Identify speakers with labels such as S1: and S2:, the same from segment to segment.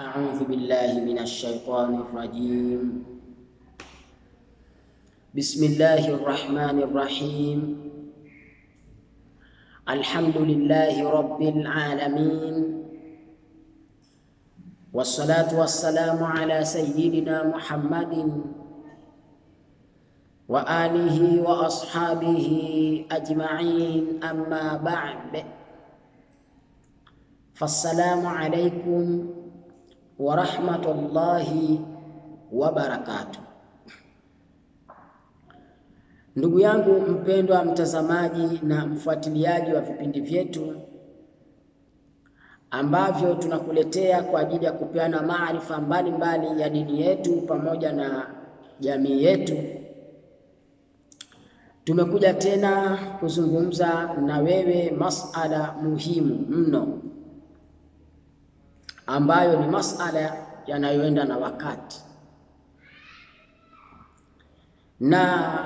S1: أعوذ بالله من الشيطان الرجيم بسم الله الرحمن الرحيم الحمد لله رب العالمين والصلاة والسلام على سيدنا محمد وآله وأصحابه أجمعين أما بعد فالسلام عليكم wa rahmatullahi wa barakatuh. Ndugu yangu mpendwa mtazamaji na mfuatiliaji wa vipindi vyetu ambavyo tunakuletea kwa ajili ya kupeana maarifa mbalimbali ya dini yetu pamoja na jamii yetu, tumekuja tena kuzungumza na wewe masala muhimu mno ambayo ni masala yanayoenda na wakati, na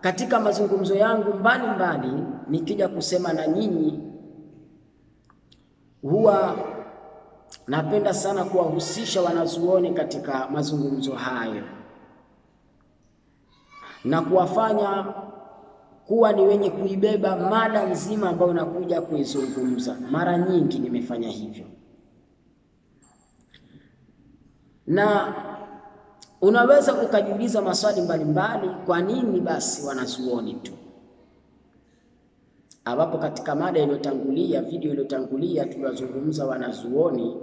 S1: katika mazungumzo yangu mbalimbali nikija kusema na nyinyi, huwa napenda sana kuwahusisha wanazuoni katika mazungumzo hayo na kuwafanya kuwa ni wenye kuibeba mada nzima ambayo nakuja kuizungumza. Mara nyingi nimefanya hivyo. na unaweza ukajiuliza maswali mbalimbali. Kwa nini basi wanazuoni tu? Ambapo katika mada iliyotangulia, video iliyotangulia, tuliwazungumza wanazuoni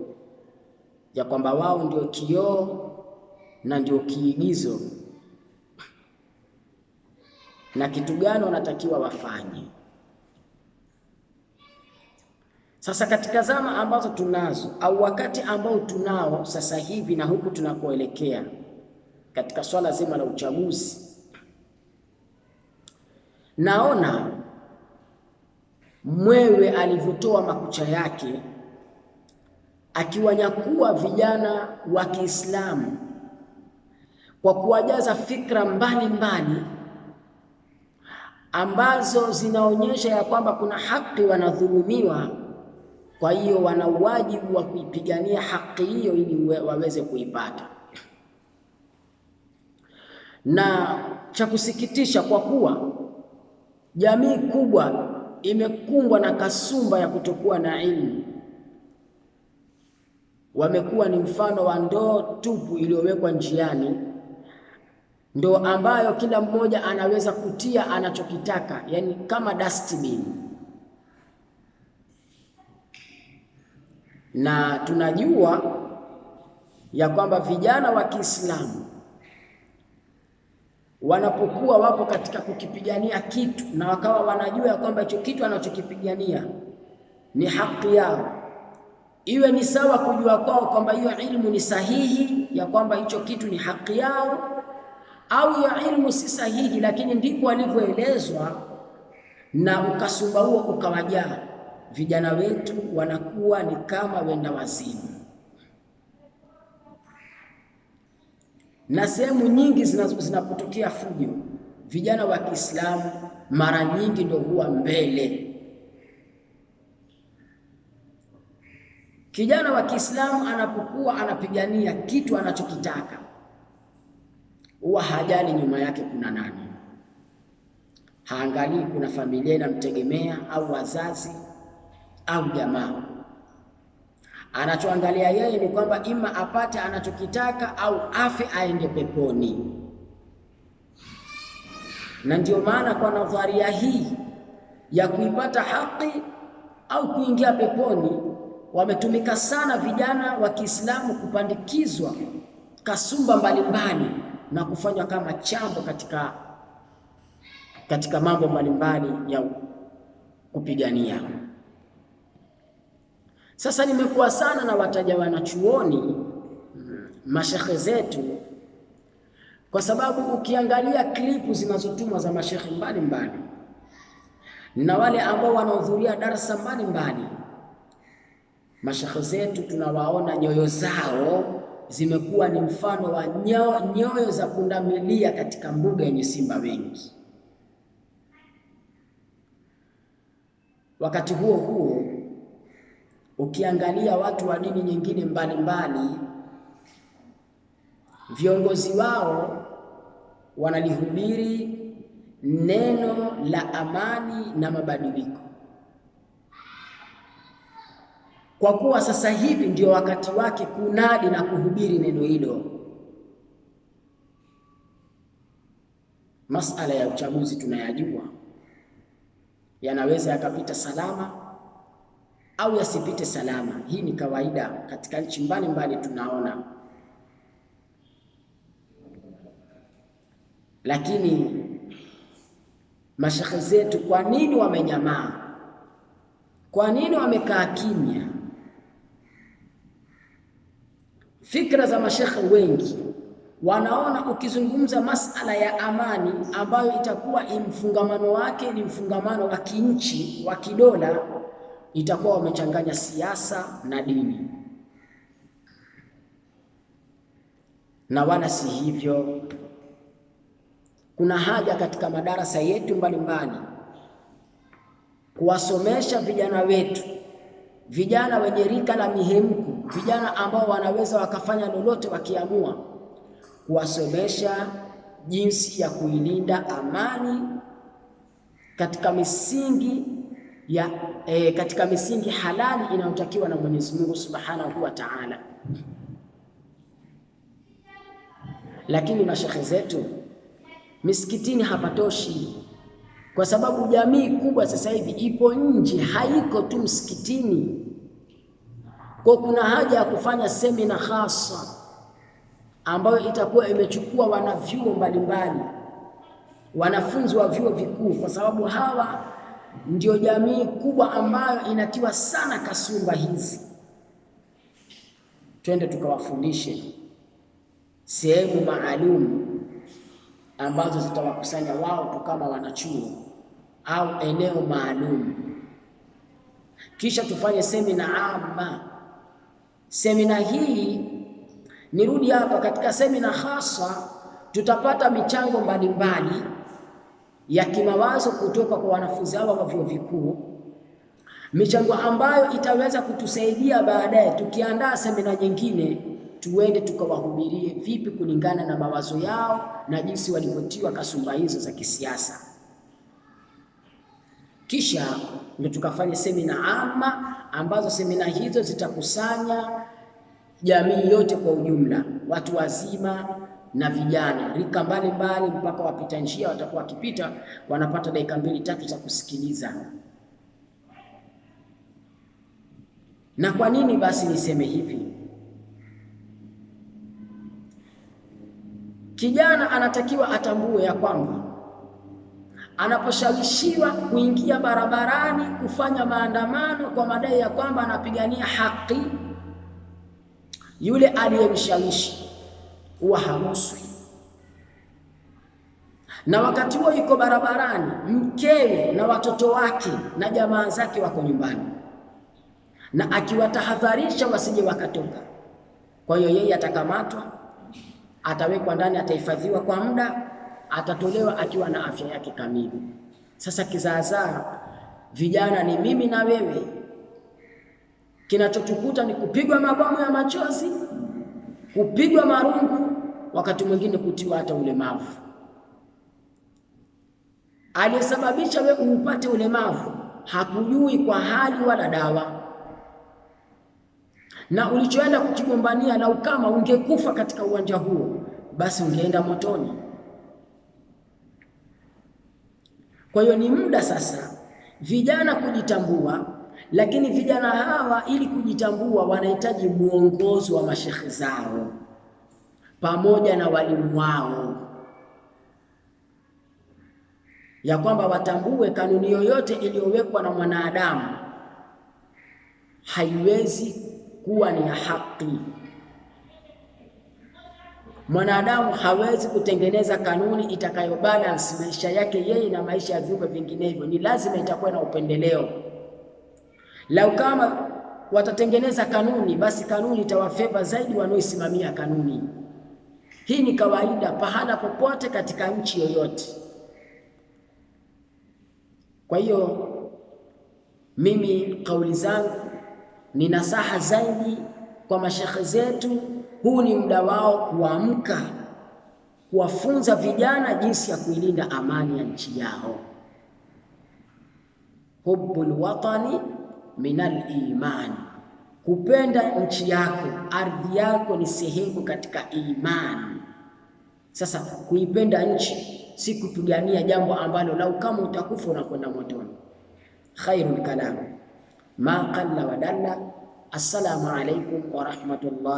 S1: ya kwamba wao ndio kioo na ndio kiigizo, na kitu gani wanatakiwa wafanye Sasa katika zama ambazo tunazo au wakati ambao tunao sasa hivi na huku tunakoelekea katika swala zima la uchaguzi, naona mwewe alivyotoa makucha yake akiwanyakua vijana wa Kiislamu kwa kuwajaza fikra mbalimbali mbali, ambazo zinaonyesha ya kwamba kuna haki wanadhulumiwa kwa hiyo wana wajibu wa kuipigania haki hiyo ili waweze kuipata. Na cha kusikitisha, kwa kuwa jamii kubwa imekumbwa na kasumba ya kutokuwa na elimu, wamekuwa ni mfano wa ndoo tupu iliyowekwa njiani, ndoo ambayo kila mmoja anaweza kutia anachokitaka, yani kama dustbin na tunajua ya kwamba vijana wa Kiislamu wanapokuwa wapo katika kukipigania kitu na wakawa wanajua ya kwamba hicho kitu anachokipigania ni haki yao, iwe ni sawa kujua kwao kwamba hiyo ilmu ni sahihi, ya kwamba hicho kitu ni haki yao, au hiyo ilmu si sahihi, lakini ndipo walivyoelezwa na ukasumba huo ukawajaa vijana wetu wanakuwa ni kama wenda wazimu, na sehemu nyingi zinapotokea fujo, vijana wa Kiislamu mara nyingi ndio huwa mbele. Kijana wa Kiislamu anapokuwa anapigania kitu anachokitaka, huwa hajali nyuma yake kuna nani, haangalii kuna familia inamtegemea au wazazi au jamaa. Anachoangalia yeye ni kwamba ima apate anachokitaka au afe aende peponi. Na ndio maana kwa nadharia hii ya kuipata haki au kuingia peponi, wametumika sana vijana wa Kiislamu kupandikizwa kasumba mbalimbali na kufanywa kama chambo katika katika mambo mbalimbali ya kupigania. Sasa nimekuwa sana na wataja wanachuoni mashekhe zetu, kwa sababu ukiangalia klipu zinazotumwa za mashekhe mbalimbali na wale ambao wanahudhuria darasa mbalimbali, mashekhe zetu tunawaona nyoyo zao zimekuwa ni mfano wa nyoyo, nyoyo za pundamilia katika mbuga yenye simba wengi. Wakati huo huo Ukiangalia watu wa dini nyingine mbalimbali, viongozi wao wanalihubiri neno la amani na mabadiliko, kwa kuwa sasa hivi ndio wakati wake kunadi na kuhubiri neno hilo. Masala ya uchaguzi tunayajua, yanaweza yakapita salama au yasipite salama. Hii ni kawaida katika nchi mbalimbali tunaona, lakini mashekhe zetu kwa nini wamenyamaa? Kwa nini wamekaa kimya? Fikra za mashekhe wengi wanaona ukizungumza masala ya amani ambayo itakuwa mfungamano wake ni mfungamano wa kinchi wa kidola itakuwa wamechanganya siasa na dini, na wala si hivyo. Kuna haja katika madarasa yetu mbalimbali kuwasomesha vijana wetu, vijana wenye rika la mihemko, vijana ambao wanaweza wakafanya lolote wakiamua, kuwasomesha jinsi ya kuilinda amani katika misingi ya e, katika misingi halali inayotakiwa na Mwenyezi Mungu Subhanahu wa Ta'ala. Lakini mashehe zetu misikitini hapatoshi, kwa sababu jamii kubwa sasa hivi ipo nje, haiko tu msikitini. Kwa kuna haja ya kufanya semina hasa ambayo itakuwa imechukua wanavyuo mbalimbali, wanafunzi wa vyuo vikuu, kwa sababu hawa ndio jamii kubwa ambayo inatiwa sana kasumba hizi. Twende tukawafundishe sehemu maalum ambazo zitawakusanya wao tu kama wanachuo au eneo maalum, kisha tufanye semina ama. Semina hii nirudi hapa, katika semina hasa tutapata michango mbalimbali ya kimawazo kutoka kwa wanafunzi hawa wa vyuo vikuu, michango ambayo itaweza kutusaidia baadaye tukiandaa semina nyingine tuende tukawahubirie vipi kulingana na mawazo yao na jinsi walivyotiwa kasumba hizo za kisiasa, kisha ndio tukafanya semina ama ambazo semina hizo zitakusanya jamii yote kwa ujumla, watu wazima na vijana rika mbalimbali mpaka wapita njia watakuwa wakipita wanapata dakika mbili tatu za kusikiliza. Na kwa nini basi niseme hivi? Kijana anatakiwa atambue ya kwamba anaposhawishiwa kuingia barabarani kufanya maandamano kwa madai ya kwamba anapigania haki, yule aliyemshawishi huwa hanuswi, na wakati huo yuko barabarani, mkewe na watoto wake na jamaa zake wako nyumbani, na akiwatahadharisha wasije wakatoka. Kwa hiyo yeye atakamatwa, atawekwa ndani, atahifadhiwa kwa muda, atatolewa akiwa na afya yake kamili. Sasa kizaazaa, vijana ni mimi na wewe, kinachotukuta ni kupigwa mabomu ya machozi, kupigwa marungu wakati mwingine kutiwa hata ulemavu. Aliyesababisha wewe upate ulemavu hakujui kwa hali wala dawa, na ulichoenda kukigombania, na ukama ungekufa katika uwanja huo, basi ungeenda motoni. Kwa hiyo ni muda sasa vijana kujitambua, lakini vijana hawa ili kujitambua wanahitaji mwongozo wa mashehe zao pamoja na walimu wao, ya kwamba watambue kanuni yoyote iliyowekwa na mwanadamu haiwezi kuwa ni ya haki. Mwanadamu hawezi kutengeneza kanuni itakayobalansi maisha yake yeye na maisha ya viumbe vinginevyo, ni lazima itakuwa na upendeleo. Lau kama watatengeneza kanuni, basi kanuni itawafeva zaidi wanaoisimamia kanuni. Hii ni kawaida pahala popote katika nchi yoyote. Kwa hiyo mimi kauli zangu ni nasaha zaidi kwa mashekhe zetu. Huu ni muda wao kuamka, kuwafunza vijana jinsi ya kuilinda amani ya nchi yao. Hubbul watani minal iman, kupenda nchi yako, ardhi yako ni sehemu katika imani. Sasa kuipenda nchi si kupigania jambo ambalo lau kama utakufa unakwenda motoni. Khairul kalam ma qalla wa dalla. Assalamu alaikum wa rahmatullah.